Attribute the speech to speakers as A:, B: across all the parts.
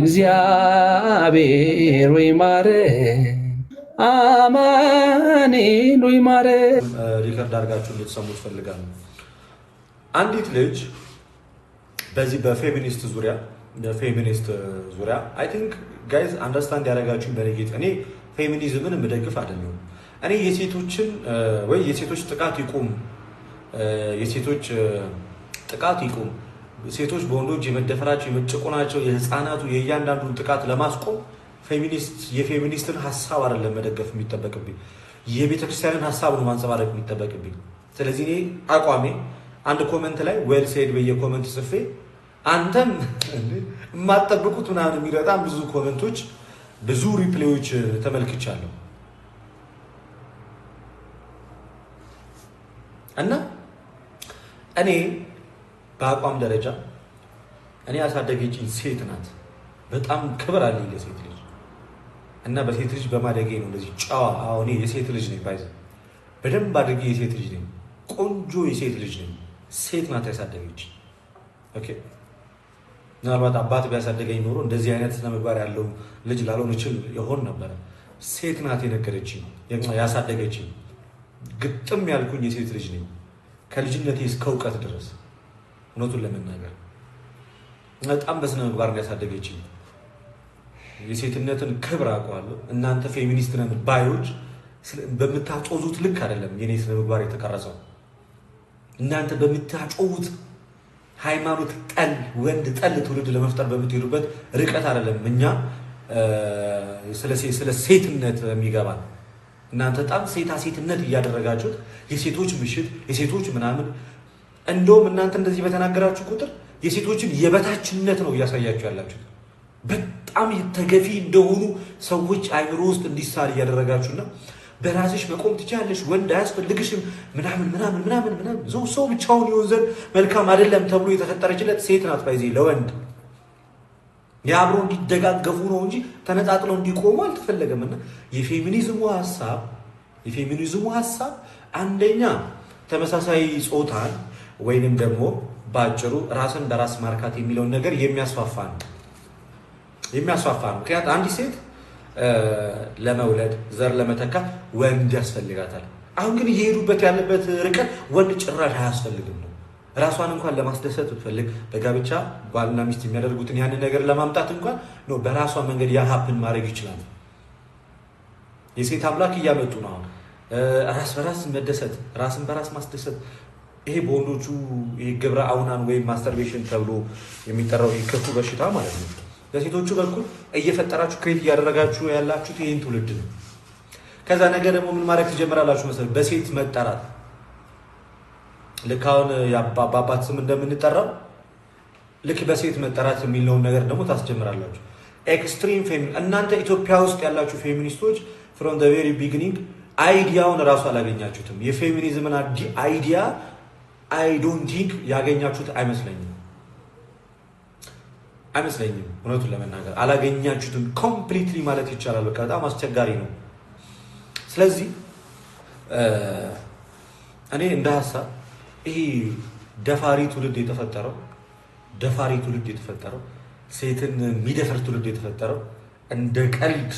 A: እግዚአብሔር ወይ ማረ አማኑኤል ወይ ማረ።
B: ሪከርድ አድርጋችሁ እንድትሰሙት ትፈልጋል። አንዲት ልጅ በዚህ በፌሚኒስት ዙሪያ ፌሚኒስት ዙሪያ አይ ቲንክ ጋይዝ አንደርስታንድ ያደረጋችሁ በረጌጥ እኔ ፌሚኒዝምን የምደግፍ አይደለሁም። እኔ የሴቶችን ወይ የሴቶች ጥቃት ይቁም፣ የሴቶች ጥቃት ይቁም ሴቶች በወንዶች የመደፈራቸው የመጨቆናቸው የህፃናቱ የእያንዳንዱን ጥቃት ለማስቆም ፌሚኒስት የፌሚኒስትን ሀሳብ አይደለም መደገፍ የሚጠበቅብኝ የቤተክርስቲያንን ሀሳብ ነው ማንጸባረቅ የሚጠበቅብኝ። ስለዚህ እኔ አቋሜ አንድ ኮመንት ላይ ዌል ሴድ ኮመንት ጽፌ አንተም የማጠብቁት ምናምን የሚል በጣም ብዙ ኮመንቶች ብዙ ሪፕሌዎች ተመልክቻለሁ እና እኔ በአቋም ደረጃ እኔ ያሳደገችኝ ሴት ናት። በጣም ክብር አለኝ ለሴት ልጅ እና በሴት ልጅ በማደጌ ነው እንደዚህ ጨዋ። እኔ የሴት ልጅ ነኝ፣ ባይዘ በደንብ አድርጌ የሴት ልጅ ነኝ። ቆንጆ የሴት ልጅ ነኝ። ሴት ናት ያሳደገችኝ። ኦኬ ምናልባት አባት ቢያሳደገኝ ኖሮ እንደዚህ አይነት ስነምግባር ያለው ልጅ ላልሆን እችል የሆን ነበረ። ሴት ናት የነገረችኝ ያሳደገችኝ። ግጥም ያልኩኝ የሴት ልጅ ነኝ ከልጅነቴ እስከ እውቀት ድረስ እውነቱን ለመናገር በጣም በስነ ምግባር እንዲያሳደገችኝ የሴትነትን ክብር አውቀዋለሁ። እናንተ ፌሚኒስት ነን ባዮች በምታጮዙት ልክ አይደለም የኔ ስነ ምግባር የተቀረጸው። እናንተ በምታጮሁት ሃይማኖት ጠል ወንድ ጠል ትውልድ ለመፍጠር በምትሄዱበት ርቀት አይደለም እኛ ስለ ሴትነት የሚገባል። እናንተ በጣም ሴታ ሴትነት እያደረጋችሁት የሴቶች ምሽት የሴቶች ምናምን እንደውም እናንተ እንደዚህ በተናገራችሁ ቁጥር የሴቶችን የበታችነት ነው እያሳያችሁ ያላችሁት። በጣም ተገፊ እንደሆኑ ሰዎች አይምሮ ውስጥ እንዲሳል እያደረጋችሁና በራስሽ መቆም ትችላለሽ፣ ወንድ አያስፈልግሽም፣ ምናምን ምናምን ምናምን ምናምን ዘው ሰው ብቻውን ይሆን ዘንድ መልካም አይደለም ተብሎ የተፈጠረችለት ሴት ናት። ባይዜ ለወንድ የአብሮ እንዲደጋገፉ ነው እንጂ ተነጣጥለው እንዲቆሙ አልተፈለገም። እና የፌሚኒዝሙ ሀሳብ የፌሚኒዝሙ ሀሳብ አንደኛ ተመሳሳይ ጾታን ወይንም ደግሞ በአጭሩ ራስን በራስ ማርካት የሚለውን ነገር የሚያስፋፋ ነው የሚያስፋፋ ነው። ምክንያት አንዲት ሴት ለመውለድ ዘር ለመተካት ወንድ ያስፈልጋታል። አሁን ግን እየሄዱበት ያለበት ርቀት ወንድ ጭራሽ አያስፈልግም ነው። ራሷን እንኳን ለማስደሰት ብትፈልግ በጋብቻ ባልና ሚስት የሚያደርጉትን ያንን ነገር ለማምጣት እንኳን በራሷ መንገድ ያሀፕን ማድረግ ይችላል። የሴት አምላክ እያመጡ ነው አሁን ራስ በራስ መደሰት፣ ራስን በራስ ማስደሰት ይሄ በወንዶቹ ግብረ አውናን ወይም ማስተርቤሽን ተብሎ የሚጠራው የክፉ በሽታ ማለት ነው። በሴቶቹ በኩል እየፈጠራችሁ ክሬት እያደረጋችሁ ያላችሁት ይህን ትውልድ ነው። ከዛ ነገር ደግሞ ምን ማድረግ ትጀምራላችሁ መሰለኝ? በሴት መጠራት ልክ አሁን በአባት ስም እንደምንጠራው ልክ በሴት መጠራት የሚለውን ነገር ደግሞ ታስጀምራላችሁ። ኤክስትሪም ፌሚኒ እናንተ ኢትዮጵያ ውስጥ ያላችሁ ፌሚኒስቶች ፍሮም ቬሪ ቢግኒንግ አይዲያውን እራሱ አላገኛችሁትም። የፌሚኒዝምን አይዲያ አይ ዶንት ቲንክ ያገኛችሁት አይመስለኝም አይመስለኝም እውነቱን ለመናገር አላገኛችሁትም ኮምፕሊትሊ ማለት ይቻላል። በቃ በጣም አስቸጋሪ ነው። ስለዚህ እኔ እንደ ሀሳብ ይሄ ደፋሪ ትውልድ የተፈጠረው ደፋሪ ትውልድ የተፈጠረው ሴትን የሚደፈር ትውልድ የተፈጠረው እንደ ቀልድ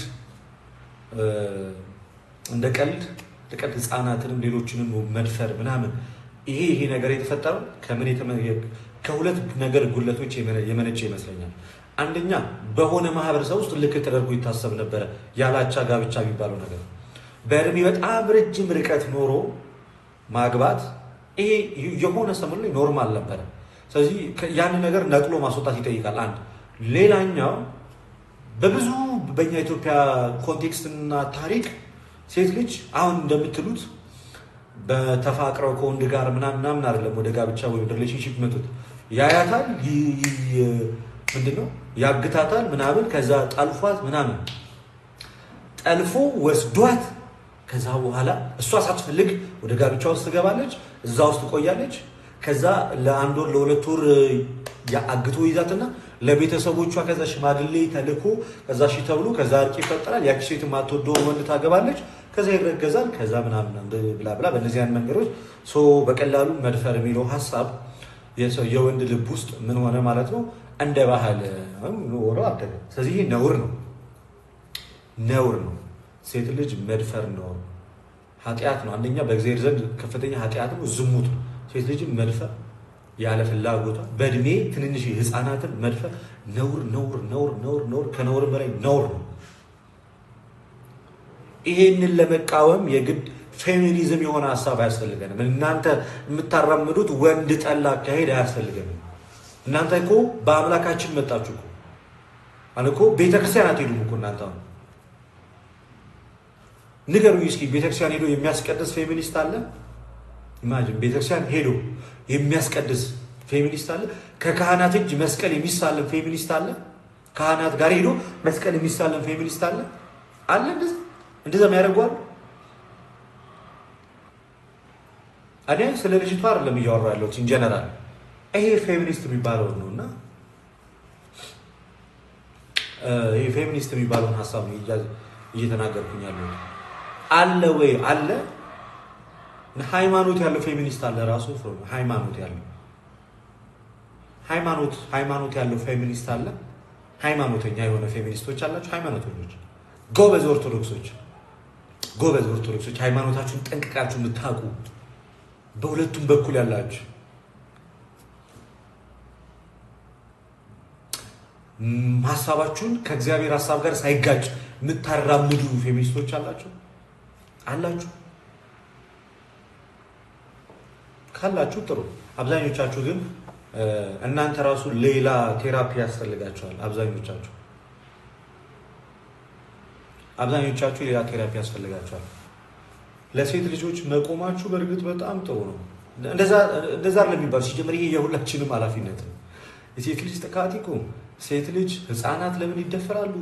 B: እንደ ቀልድ ህፃናትንም ሌሎችንም መድፈር ምናምን ይሄ ይሄ ነገር የተፈጠረው ከምን ከሁለት ነገር ጉለቶች የመነጨ ይመስለኛል። አንደኛ በሆነ ማህበረሰብ ውስጥ ልክ ተደርጎ ይታሰብ ነበረ ያላቻ ጋብቻ የሚባለው ነገር በእድሜ በጣም ረጅም ርቀት ኖሮ ማግባት ይሄ የሆነ ሰሞን ላይ ኖርማል ነበረ። ስለዚህ ያን ነገር ነቅሎ ማስወጣት ይጠይቃል። አንድ ሌላኛው በብዙ በኛ ኢትዮጵያ ኮንቴክስትና ታሪክ ሴት ልጅ አሁን እንደምትሉት በተፋቅረው ከወንድ ጋር ምናምን ምናምን አይደለም ወደ ጋብቻ ወይም ሪሌሽንሽፕ መጡት። ያያታል፣ ምንድን ነው ያግታታል፣ ምናምን ከዛ ጠልፏት ምናምን ጠልፎ ወስዷት ከዛ በኋላ እሷ ሳትፈልግ ወደ ጋብቻ ውስጥ ትገባለች። እዛ ውስጥ ትቆያለች። ከዛ ለአንድ ወር ለሁለት ወር አግቶ ይዛትና ለቤተሰቦቿ ከዛ ሽማግሌ ተልኮ ከዛ ሺ ተብሎ ከዛ እርቅ ይፈጠራል። ያቺ ሴት የማትወደውን ወንድ ታገባለች። ከዛ ይረገዛል፣ ከዛ ምናምን ብላ ብላ በእነዚያን መንገዶች በቀላሉ መድፈር የሚለው ሀሳብ የወንድ ልብ ውስጥ ምን ሆነ ማለት ነው እንደ ባህል ኖሮ አደገ። ስለዚህ ነውር ነው፣ ነውር ነው። ሴት ልጅ መድፈር ነው፣ ኃጢአት ነው። አንደኛ በእግዚአብሔር ዘንድ ከፍተኛ ኃጢአት ነው፣ ዝሙት ነው። ሴት ልጅ መድፈር ያለ ፍላጎቷ በእድሜ ትንንሽ ህፃናትን መድፈር ነውር ነውር ነውር ነውር ነውር ከነውር በላይ ነውር ነው። ይሄንን ለመቃወም የግድ ፌሚኒዝም የሆነ ሀሳብ አያስፈልገንም። እናንተ የምታራምዱት ወንድ ጠላ አካሄድ አያስፈልገንም። እናንተ እኮ በአምላካችን መጣችሁ እኮ አልኮ ቤተክርስቲያን አትሄዱም እኮ እናንተ አሁን ንገሩኝ እስኪ ቤተክርስቲያን ሄዶ የሚያስቀድስ ፌሚኒስት አለ? ኢማጂን ቤተክርስቲያን ሄዶ የሚያስቀድስ ፌሚኒስት አለ? ከካህናት እጅ መስቀል የሚሳለም ፌሚኒስት አለ? ካህናት ጋር ሄዶ መስቀል የሚሳለም ፌሚኒስት አለ? አለ እንደዚህ እንደዛ የሚያደርጓል። እኔ ስለ ልጅቷ አይደለም እያወራ ያለሁት ኢንጀነራል ይሄ ፌሚኒስት የሚባለውን ነው እና ይሄ ፌሚኒስት የሚባለውን ሀሳብ ነው እየተናገርኩኝ ያለሁት። አለ ወይ አለ ሃይማኖት ያለው ፌሚኒስት አለ ራሱ ሃይማኖት ያለው ሃይማኖት ሃይማኖት ያለው ፌሚኒስት አለ። ሃይማኖተኛ የሆነ ፌሚኒስቶች አላቸው። ሃይማኖተኞች ጎበዝ ኦርቶዶክሶች ጎበዝ ኦርቶዶክሶች ሃይማኖታችሁን ጠንቅቃችሁ የምታውቁ በሁለቱም በኩል ያላችሁ ሀሳባችሁን ከእግዚአብሔር ሀሳብ ጋር ሳይጋጭ የምታራምዱ ፌሚኒስቶች አላችሁ አላችሁ ካላችሁ ጥሩ። አብዛኞቻችሁ ግን እናንተ ራሱ ሌላ ቴራፒ ያስፈልጋችኋል አብዛኞቻችሁ አብዛኞቻችሁ ሌላ ቴራፒ ያስፈልጋቸዋል። ለሴት ልጆች መቆማችሁ በእርግጥ በጣም ጥሩ ነው። እንደዛ ለሚባል ሲጀምር ይሄ የሁላችንም ኃላፊነት ነው። የሴት ልጅ ጥቃት እኮ ሴት ልጅ ህፃናት ለምን ይደፈራሉ?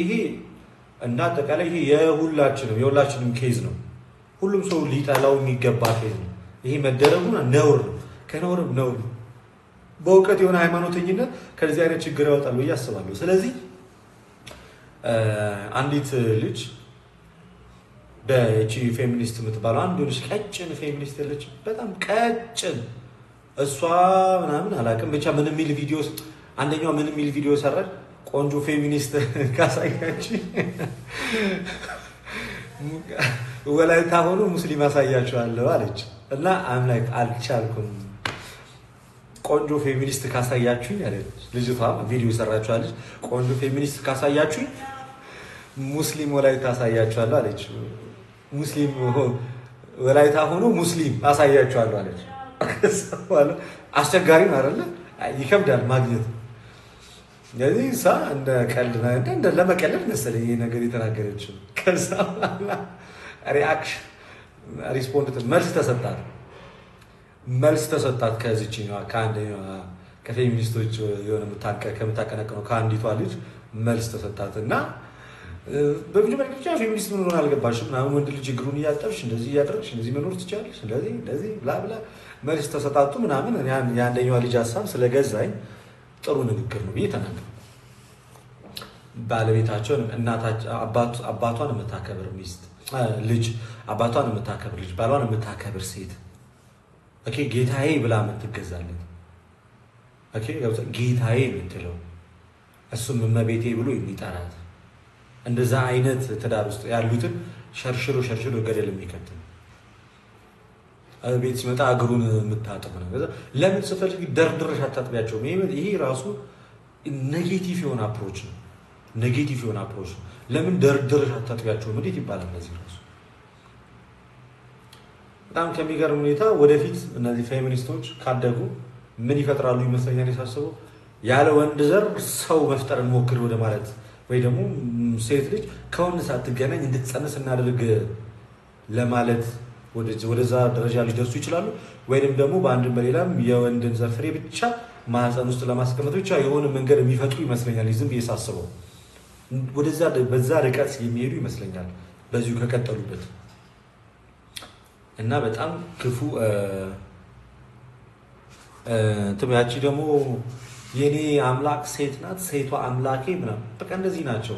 B: ይሄ እና አጠቃላይ ይሄ የሁላችንም የሁላችንም ኬዝ ነው። ሁሉም ሰው ሊጠላው የሚገባ ኬዝ ነው። ይሄ መደረጉ ነውር ነው፣ ከነውርም ነውር ነው። በእውቀት የሆነ ሃይማኖተኝነት ከዚህ አይነት ችግር ያወጣል ብዬ አስባለሁ። ስለዚህ አንዲት ልጅ በቺ ፌሚኒስት የምትባለው አንድ ልጅ ቀጭን ፌሚኒስት ልጅ በጣም ቀጭን እሷ ምናምን አላውቅም ብቻ ምን የሚል ቪዲዮ አንደኛው ምን የሚል ቪዲዮ ሰራች ቆንጆ ፌሚኒስት ካሳያች ወላይታ ሆኖ ሙስሊም አሳያችኋለሁ አለች እና አም ላይክ አልቻልኩም ቆንጆ ፌሚኒስት ካሳያችሁኝ አለች ልጅቷ ቪዲዮ ሰራችኋለች ቆንጆ ፌሚኒስት ካሳያችሁኝ ሙስሊም ወላይታ አሳያችኋለሁ አለች። ሙስሊም ወላይታ ሆኖ ሙስሊም አሳያችኋለሁ አለች። አስቸጋሪ ነው አይደለ? ይከብዳል ማግኘት። ስለዚህ እሷ እንደ ቀልድ እንደ ለመቀለድ መሰለኝ ይሄ ነገር የተናገረችው። ከዛ በኋላ ሪአክሽን ሪስፖንድ መልስ ተሰጣት መልስ ተሰጣት ከዚችኛዋ ከአንደኛዋ ከፌሚኒስቶች የሆነ ከምታቀነቅነው ከአንዲቷ ልጅ መልስ ተሰጣት እና በመጀመሪያ ብቻ ፌሚኒስት ምን ሆነ አልገባሽም ምናምን ወንድ ልጅ እግሩን እያጠብሽ እንደዚህ እያደረግሽ እንደዚህ መኖር ትችላለሽ እንደዚህ እንደዚህ ብላ ብላ መልስ ተሰጣጡ ምናምን። የአንደኛዋ ልጅ ሀሳብ ስለገዛኝ ጥሩ ንግግር ነው ብዬ ተናገርኩ። ባለቤታቸውን አባቷን የምታከብር ሚስት ልጅ አባቷን የምታከብር ልጅ ባሏን የምታከብር ሴት ጌታዬ ብላ የምትገዛለት ጌታዬ የምትለው እሱም እመቤቴ ብሎ የሚጠራት እንደዛ አይነት ትዳር ውስጥ ያሉትን ሸርሽሮ ሸርሽሮ ገደል የሚከት ቤት ሲመጣ እግሩን የምታጥብ ነው። ለምን ስትፈልግ ደርድረሽ አታጥቢያቸው። ይሄ ራሱ ኔጌቲቭ የሆነ አፕሮች ነው። ኔጌቲቭ የሆነ አፕሮች ነው። ለምን ደርድረሽ አታጥቢያቸው እንዴት ይባላል? ለዚህ ራሱ በጣም ከሚገርም ሁኔታ ወደፊት እነዚህ ፌሚኒስቶች ካደጉ ምን ይፈጥራሉ ይመስለኛል የሳስበው ያለ ወንድ ዘር ሰው መፍጠር እንሞክር ወደ ማለት ወይ ደግሞ ሴት ልጅ ከወንድ ሳትገናኝ እንድትጸንስ እናደርግ ለማለት ወደዛ ደረጃ ሊደርሱ ይችላሉ። ወይንም ደግሞ በአንድም በሌላም የወንድን ዘርፍሬ ብቻ ማህፀን ውስጥ ለማስቀመጥ ብቻ የሆነ መንገድ የሚፈጥሩ ይመስለኛል። ዝም ብዬ ሳስበው ወደዛ በዛ ርቀት የሚሄዱ ይመስለኛል በዚሁ ከቀጠሉበት እና በጣም ክፉ ትያቺ ደግሞ የኔ አምላክ ሴት ናት፣ ሴቷ አምላኬ ምናምን በቃ እንደዚህ ናቸው።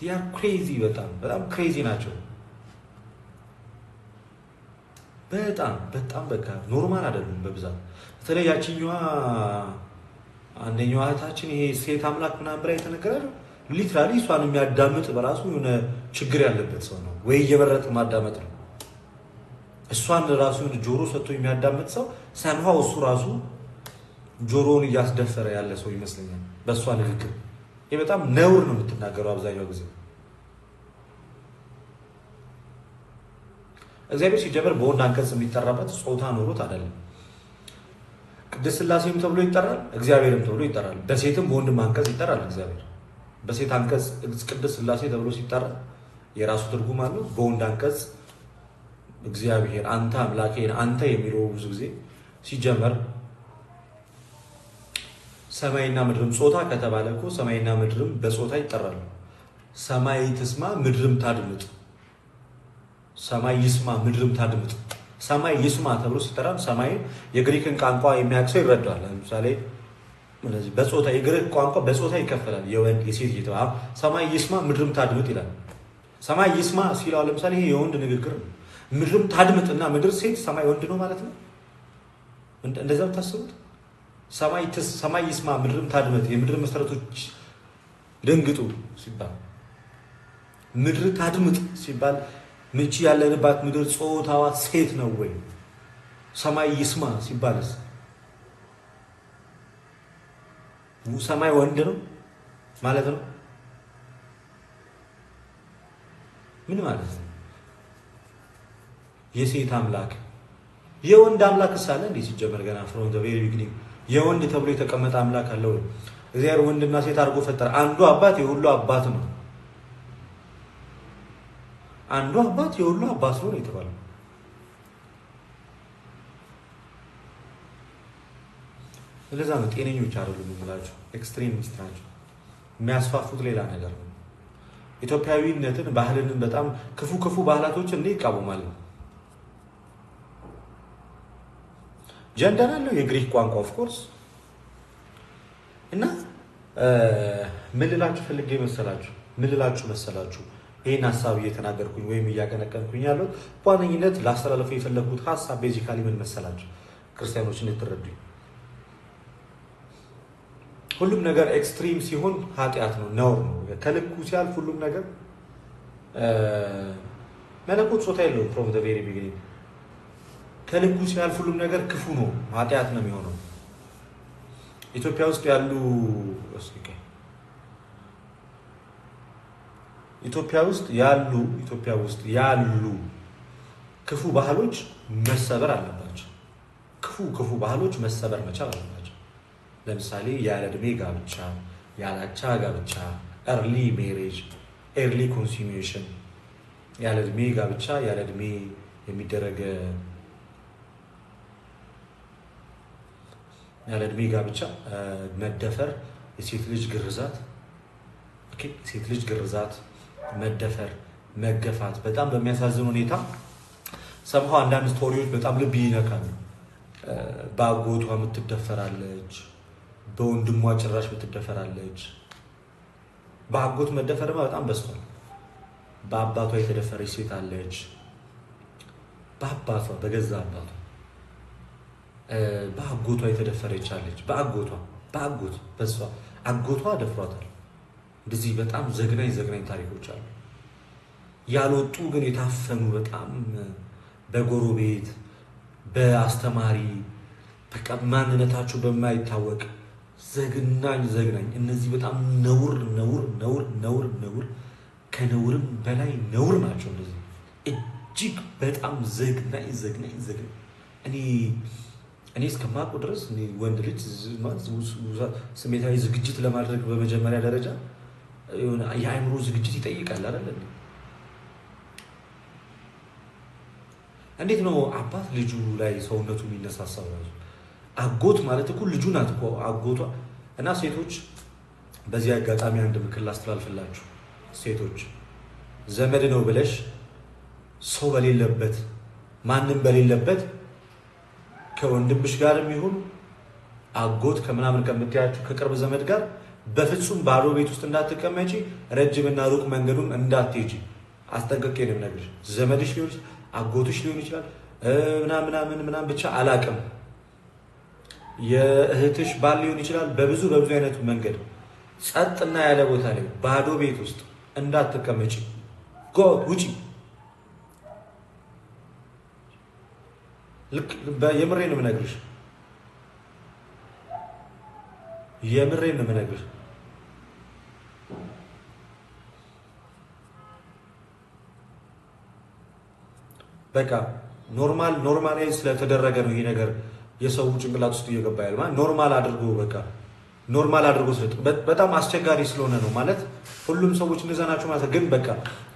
B: ዲያር ክሬዚ በጣም በጣም ክሬዚ ናቸው። በጣም በጣም በቃ ኖርማል አይደሉም በብዛት በተለይ ያችኛዋ አንደኛዋ እህታችን ይሄ ሴት አምላክ ምናምን ብላ የተነገረ ሊትራሊ እሷን የሚያዳምጥ በራሱ የሆነ ችግር ያለበት ሰው ነው ወይ እየበረጠ ማዳመጥ ነው። እሷን ራሱ ጆሮ ሰጥቶ የሚያዳምጥ ሰው ሰንኋ እሱ ራሱ ጆሮውን እያስደፈረ ያለ ሰው ይመስለኛል በእሷ ንግግር። ይህ በጣም ነውር ነው የምትናገረው አብዛኛው ጊዜ። እግዚአብሔር ሲጀምር በወንድ አንቀጽ የሚጠራበት ጾታ ኖሮት አይደለም። ቅድስት ስላሴም ተብሎ ይጠራል፣ እግዚአብሔርም ተብሎ ይጠራል። በሴትም በወንድም አንቀጽ ይጠራል እግዚአብሔር። በሴት አንቀጽ ቅድስት ስላሴ ተብሎ ሲጠራ የራሱ ትርጉም አለው። በወንድ አንቀጽ እግዚአብሔር አንተ አምላኬ አንተ የሚለው ብዙ ጊዜ ሲጀመር ሰማይና ምድርም ጾታ ከተባለ እኮ ሰማይና ምድርም በጾታ ይጠራሉ። ሰማይ ትስማ ምድርም ታድምጥ፣ ሰማይ ይስማ ምድርም ታድምጥ። ሰማይ ይስማ ተብሎ ሲጠራም ሰማይ የግሪክን ቋንቋ የሚያቅሰው ይረዳዋል። ለምሳሌ በጾታ የግሪክ ቋንቋ በጾታ ይከፈላል፣ የወንድ የሴት እየተባለ ሰማይ ይስማ ምድርም ታድምጥ ይላል። ሰማይ ይስማ ሲለው ለምሳሌ ይሄ የወንድ ንግግር ነው። ምድርም ታድምጥ እና ምድር ሴት፣ ሰማይ ወንድ ነው ማለት ነው። እንደዛ ብታስቡት ሰማይ ይስማ ምድርም ታድመት፣ የምድር መሰረቶች ደንግጡ ሲባል ምድር ታድምጥ ሲባል ምቺ ያለንባት ምድር ጾታዋ ሴት ነው ወይ? ሰማይ ይስማ ሲባልስ ሰማይ ወንድ ነው ማለት ነው? ምን ማለት ነው? የሴት አምላክ የወንድ አምላክ ሳለ እንዴ ሲጀመር ገና ፍሮም ዘ ቬሪ ቢግኒንግ የወንድ ተብሎ የተቀመጠ አምላክ አለው። እግዚአብሔር ወንድና ሴት አድርጎ ፈጠረ። አንዱ አባት የሁሉ አባት ነው። አንዱ አባት የሁሉ አባት ነው የተባለው ስለዛ ነው ጤነኞች አይደሉም የምላቸው። ኤክስትሪሚስት ናቸው። የሚያስፋፉት ሌላ ነገር ነው። ኢትዮጵያዊነትን ባህልንን በጣም ክፉ ክፉ ባህላቶችን እንዴ ይቃወማል። ጀንደር አለው የግሪክ ቋንቋ ኦፍኮርስ እና ምን ልላችሁ ፈልጌ መሰላችሁ ምን ልላችሁ መሰላችሁ ይህን ሀሳብ እየተናገርኩኝ ወይም እያቀነቀንኩኝ ያለው በዋነኝነት ላስተላለፈው የፈለግኩት ሀሳብ ቤዚካሊ ምን መሰላችሁ ክርስቲያኖች እንድትረዱኝ ሁሉም ነገር ኤክስትሪም ሲሆን ኃጢአት ነው ነውር ነው ከልኩ ሲያልፍ ሁሉም ነገር መለኮት ጾታ የለውም ፍሮም ቬሪ ቢግኒንግ ከልኩ ሲያልፍ ሁሉም ነገር ክፉ ነው፣ ኃጢአት ነው የሚሆነው። ኢትዮጵያ ውስጥ ያሉ ኢትዮጵያ ውስጥ ያሉ ኢትዮጵያ ውስጥ ያሉ ክፉ ባህሎች መሰበር አለባቸው። ክፉ ክፉ ባህሎች መሰበር መቻል አለባቸው። ለምሳሌ ያለ ዕድሜ ጋብቻ፣ ያላቻ ጋብቻ፣ ኤርሊ ሜሬጅ፣ ኤርሊ ኮንሱሜሽን፣ ያለ ዕድሜ ጋብቻ፣ ያለ ዕድሜ የሚደረገ ያለ እድሜ ጋብቻ፣ መደፈር፣ የሴት ልጅ ግርዛት፣ ሴት ልጅ ግርዛት፣ መደፈር፣ መገፋት በጣም በሚያሳዝን ሁኔታ ሰምሆ አንዳንድ ስቶሪዎች በጣም ልብ ይነካሉ። በአጎቷ የምትደፈራለች፣ በወንድሟ ጭራሽ የምትደፈራለች። በአጎት መደፈርማ በጣም በዝቷል። በአባቷ የተደፈረች ሴት አለች። በአባቷ በገዛ አባቷ በአጎቷ የተደፈረች አለች። በአጎቷ በአጎት በሷ አጎቷ ደፍሯታል። እንደዚህ በጣም ዘግናኝ ዘግናኝ ታሪኮች አሉ። ያልወጡ ግን የታፈኑ በጣም በጎረቤት በአስተማሪ በቃ ማንነታቸው በማይታወቅ ዘግናኝ ዘግናኝ እነዚህ በጣም ነውር ነውር ነውር ነውር ነውር ከነውርም በላይ ነውር ናቸው። እነዚህ እጅግ በጣም ዘግናኝ ዘግናኝ ዘግናኝ እኔ እኔ እስከማውቀው ድረስ ወንድ ልጅ ስሜታዊ ዝግጅት ለማድረግ በመጀመሪያ ደረጃ የአእምሮ ዝግጅት ይጠይቃል አለ። እንዴት ነው አባት ልጁ ላይ ሰውነቱ የሚነሳሳው? አጎት ማለት እኮ ልጁ ናት እኮ አጎቷ። እና ሴቶች በዚህ አጋጣሚ አንድ ምክር ላስተላልፍላችሁ። ሴቶች ዘመድ ነው ብለሽ ሰው በሌለበት ማንም በሌለበት ከወንድምሽ ጋርም ይሁን አጎት ከምናምን ከምትያችሁ ከቅርብ ዘመድ ጋር በፍጹም ባዶ ቤት ውስጥ እንዳትቀመጪ፣ ረጅምና ሩቅ መንገዱም እንዳትሄጂ አስጠንቅቄ ነው የምነግርሽ። ዘመድሽ ሊሆን ይችላል፣ አጎትሽ ሊሆን ይችላል፣ ምናምናምን ምናም ብቻ አላቅም፣ የእህትሽ ባል ሊሆን ይችላል። በብዙ በብዙ አይነቱ መንገድ ጸጥና ያለ ቦታ ላይ ባዶ ቤት ውስጥ እንዳትቀመጪ። ጎ ውጪ የምሬ ነው የምነግርሽ፣ የምሬ ነው የምነግርሽ። በቃ ኖርማል ኖርማላይዝ ስለተደረገ ነው ይሄ ነገር የሰው ጭንቅላት ውስጥ እየገባ ያለ ማለት ኖርማል አድርጎ በቃ ኖርማል አድርጎ በጣም አስቸጋሪ ስለሆነ ነው ማለት ሁሉም ሰዎች እንደዛ ናቸው ማለት ግን በቃ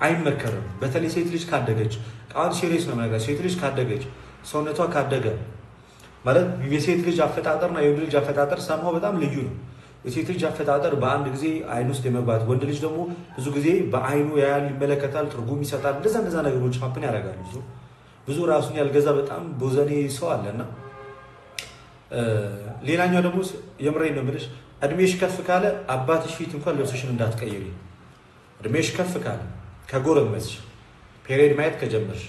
B: አይመከርም። በተለይ ሴት ልጅ ካደገች ቃል ሲሪየስ ነው ሴት ልጅ ካደገች ሰውነቷ ካደገ ማለት የሴት ልጅ አፈጣጠርና የወንድ ልጅ አፈጣጠር ሰማ በጣም ልዩ ነው። የሴት ልጅ አፈጣጠር በአንድ ጊዜ አይን ውስጥ የመግባት ወንድ ልጅ ደግሞ ብዙ ጊዜ በአይኑ ያያል፣ ይመለከታል፣ ትርጉም ይሰጣል። እንደዛ እንደዛ ነገሮች ሀፕን ያደርጋሉ። ብዙ ብዙ ራሱን ያልገዛ በጣም ቦዘኔ ሰው አለና ሌላኛው ደግሞ የምሬ ነው የምልሽ፣ እድሜሽ ከፍ ካለ አባትሽ ፊት እንኳን ልብስሽን እንዳትቀይሪ። እድሜሽ ከፍ ካለ ከጎረመስሽ ፔሬድ ማየት ከጀመርሽ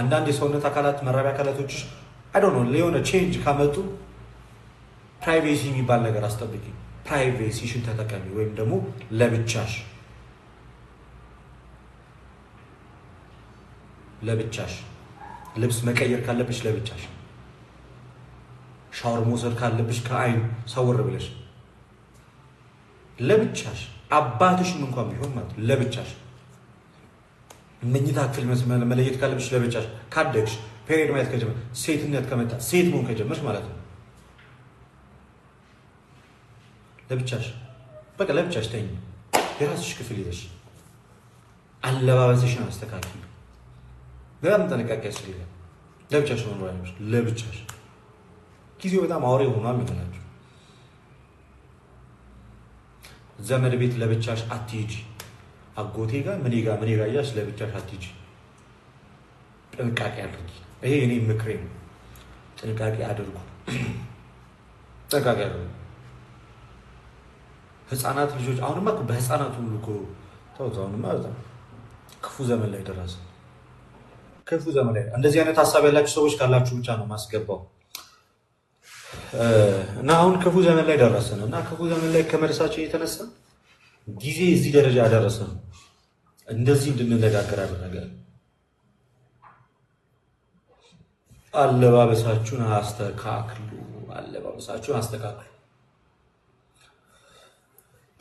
B: አንዳንድ የሰውነት አካላት መራቢያ አካላቶች አይ ዶንት ኖ የሆነ ቼንጅ ካመጡ ፕራይቬሲ የሚባል ነገር አስጠብቂ። ፕራይቬሲሽን ተጠቀሚ ወይም ደግሞ ለብቻሽ ለብቻሽ ልብስ መቀየር ካለብሽ ለብቻሽ፣ ሻወር መውሰድ ካለብሽ ከአይን ሰውር ብለሽ ለብቻሽ፣ አባትሽም እንኳን ቢሆን ማለት ለብቻሽ መኝታ ክፍል መለየት ካለብሽ ለብቻሽ ካደግሽ ፔሪድ ማየት ከጀመር ሴትነት ከመጣ ሴት መሆን ከጀመርሽ ማለት ነው። ለብቻሽ በቃ ለብቻሽ ተኝ። የራስሽ ክፍል ይዘሽ አለባበስሽን አስተካኪ። በጣም ጥንቃቄ ያስፈልጋል። ለብቻሽ መኖር ያለብሽ ለብቻሽ። ጊዜው በጣም አውሬ ሆኗ የሚሆናቸው ዘመድ ቤት ለብቻሽ አትሄጂ። አጎቴ ጋር ምኔ ጋር ምኔ ጋር እያልሽ ለብቻሽ አትሂጂ። ጥንቃቄ አድርጊ። ይሄ እኔ ምክሬ ነው። ጥንቃቄ አድርጉ። ጥንቃቄ አድርጉ። ህፃናት ልጆች አሁንማ በህፃናት ሁሉ እኮ ተውት። አሁንማ በጣም ክፉ ዘመን ላይ ደረሰ። ክፉ ዘመን ላይ እንደዚህ አይነት ሀሳብ ያላችሁ ሰዎች ካላችሁ ብቻ ነው ማስገባው እና አሁን ክፉ ዘመን ላይ ደረስን እና ክፉ ዘመን ላይ ከመድረሳችን የተነሳ ጊዜ እዚህ ደረጃ ያደረሰ ነው። እንደዚህ እንድንነጋገር አደረገ። አለባበሳችሁን አስተካክሉ፣ አለባበሳችሁን አስተካክሉ።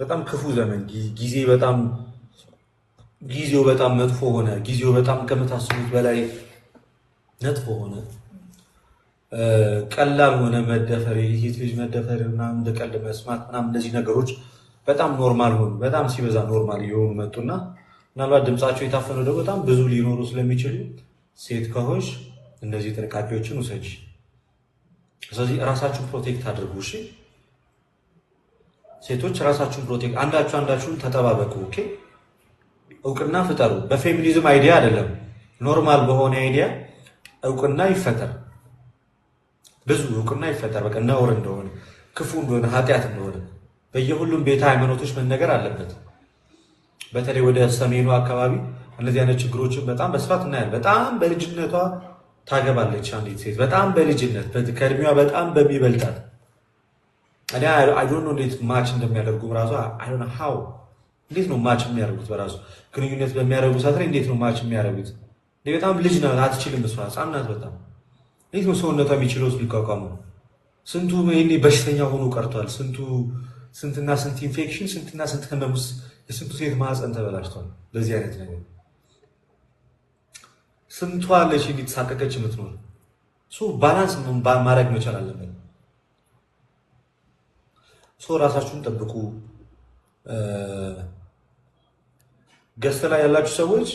B: በጣም ክፉ ዘመን ጊዜ በጣም ጊዜው በጣም መጥፎ ሆነ። ጊዜው በጣም ከምታስቡት በላይ መጥፎ ሆነ። ቀላል ሆነ መደፈር፣ የሴት ልጅ መደፈር ምናምን፣ እንደ ቀልድ መስማት ምናምን፣ እነዚህ ነገሮች በጣም ኖርማል ሆኑ፣ በጣም ሲበዛ ኖርማል እየሆኑ መጡና ምናልባት ድምፃቸው የታፈነ ደግሞ በጣም ብዙ ሊኖሩ ስለሚችሉ ሴት ከሆንሽ እነዚህ ጥንቃቄዎችን ውሰጂ። ስለዚህ ራሳችሁን ፕሮቴክት አድርጉ። እሺ ሴቶች ራሳችሁን ፕሮቴክት፣ አንዳችሁ አንዳችሁን ተጠባበቁ። ኦኬ እውቅና ፍጠሩ። በፌሚኒዝም አይዲያ አይደለም፣ ኖርማል በሆነ አይዲያ እውቅና ይፈጠር፣ ብዙ እውቅና ይፈጠር። በቃ ነውር እንደሆነ ክፉ እንደሆነ ኃጢአት እንደሆነ በየሁሉም ቤተ ሃይማኖቶች መነገር አለበት። በተለይ ወደ ሰሜኑ አካባቢ እነዚህ አይነት ችግሮችን በጣም በስፋት እናያለን። በጣም በልጅነቷ ታገባለች አንዲት ሴት በጣም በልጅነት ከእድሜዋ በጣም በሚበልጣት እኔ አይዶን እንዴት ማች እንደሚያደርጉ ራሱ አይዶን ሀው እንዴት ነው ማች የሚያደርጉት? በራሱ ግንኙነት በሚያደርጉ ሰዓት ላይ እንዴት ነው ማች የሚያደርጉት? በጣም ልጅ ናት፣ አትችልም። እሷ ሕፃን ናት። በጣም እንዴት ነው ሰውነቷ የሚችለው የሚቋቋመው? ስንቱ በሽተኛ ሆኖ ቀርቷል። ስንቱ ስንትና ስንት ኢንፌክሽን ስንትና ስንት ህመም ውስጥ የስንቱ ሴት ማህፀን ተበላሽቷል። በዚህ አይነት ነገር ስንቷ ለሽ የተሳቀቀች የምትኖር እሱ ባላንስ ማድረግ መቻል አለበት። ሰው ራሳችሁን ጠብቁ። ገዝተ ላይ ያላችሁ ሰዎች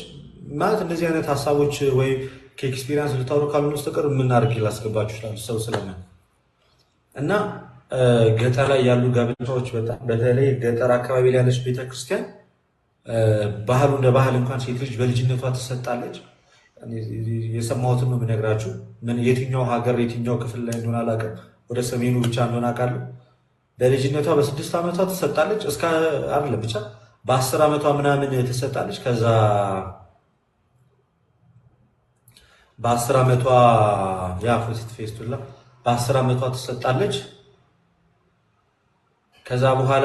B: ማለት እንደዚህ አይነት ሀሳቦች ወይ ከኤክስፒሪንስ ልታወሩ ካልሆነ በስተቀር የምናደርግ ላስገባችሁ ይችላል ሰው ስለምን እና ገጠር ላይ ያሉ ጋብቻዎች በጣም በተለይ ገጠር አካባቢ ላይ ያለች ቤተክርስቲያን ባህሉ እንደ ባህል እንኳን ሴት ልጅ በልጅነቷ ትሰጣለች። የሰማሁትን ነው የምነግራችሁ። ምን የትኛው ሀገር የትኛው ክፍል ላይ እንደሆነ አላውቅም። ወደ ሰሜኑ ብቻ እንደሆነ አውቃለሁ። በልጅነቷ በስድስት ዓመቷ ትሰጣለች እስከ አለ ብቻ በአስር ዓመቷ ምናምን ትሰጣለች። ከዛ በአስር ዓመቷ ያ ፌስቱላ በአስር ዓመቷ ትሰጣለች። ከዛ በኋላ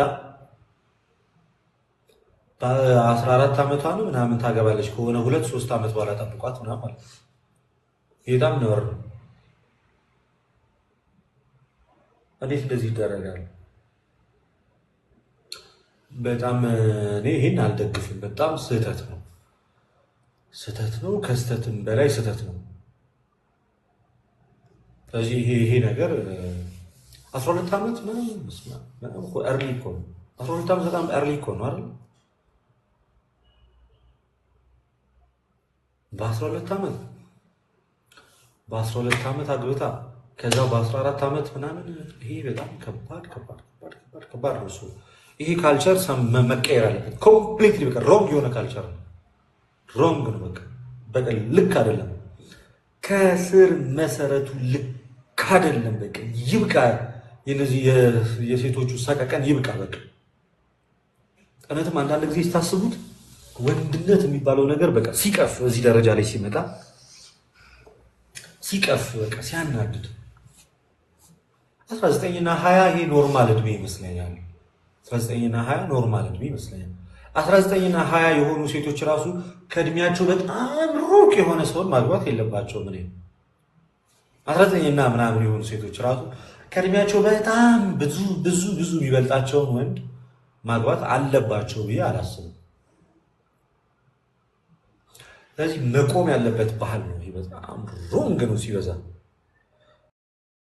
B: በአስራ አራት ዓመቷ ነው ምናምን ታገባለች ከሆነ ሁለት ሶስት ዓመት በኋላ ጠብቋት ምናምን ማለት በጣም ነውር ነው። እንዴት እንደዚህ ይደረጋል? በጣም እኔ ይህን አልደግፍም። በጣም ስህተት ነው፣ ስህተት ነው፣ ከስህተትም በላይ ስህተት ነው። ስለዚህ ይሄ ነገር አስራ ሁለት ዓመት ምንም ኤርሊ እኮ ነው። አስራ ሁለት ዓመት በጣም ኤርሊ እኮ ነው አይደል? በአስራ ሁለት ዓመት በአስራ ሁለት ዓመት አግብታ ከዛ በአስራ አራት ዓመት ምናምን ይሄ በጣም ከባድ ከባድ ከባድ ከባድ ነው። እሱ ይሄ ካልቸር መቀየር አለበት። ኮምፕሊትሊ በቃ ሮንግ የሆነ ካልቸር ነው። ሮንግ ነው። በቃ በቃ ልክ አይደለም። ከስር መሰረቱ ልክ አይደለም። በቃ ይብቃል። የነዚህ የሴቶቹ ሰቀቀን ይብቃ። በቃ ጥነትም አንዳንድ ጊዜ ሲታስቡት ወንድነት የሚባለው ነገር በቃ ሲቀፍ እዚህ ደረጃ ላይ ሲመጣ ሲቀፍ በቃ ሲያናድድ 19 እና 20 ይሄ ኖርማል እድሜ ይመስለኛል። 19 እና 20 ኖርማል እድሜ ይመስለኛል። 19 ና 20 የሆኑ ሴቶች ራሱ ከእድሜያቸው በጣም ሩቅ የሆነ ሰውን ማግባት የለባቸው እኔ 19 እና ምናምን የሆኑ ሴቶች ራሱ ከእድሜያቸው በጣም ብዙ ብዙ ብዙ የሚበልጣቸውን ወንድ ማግባት አለባቸው ብዬ አላስብም። ስለዚህ መቆም ያለበት ባህል ነው። በጣም ሮንግ ነው ሲበዛ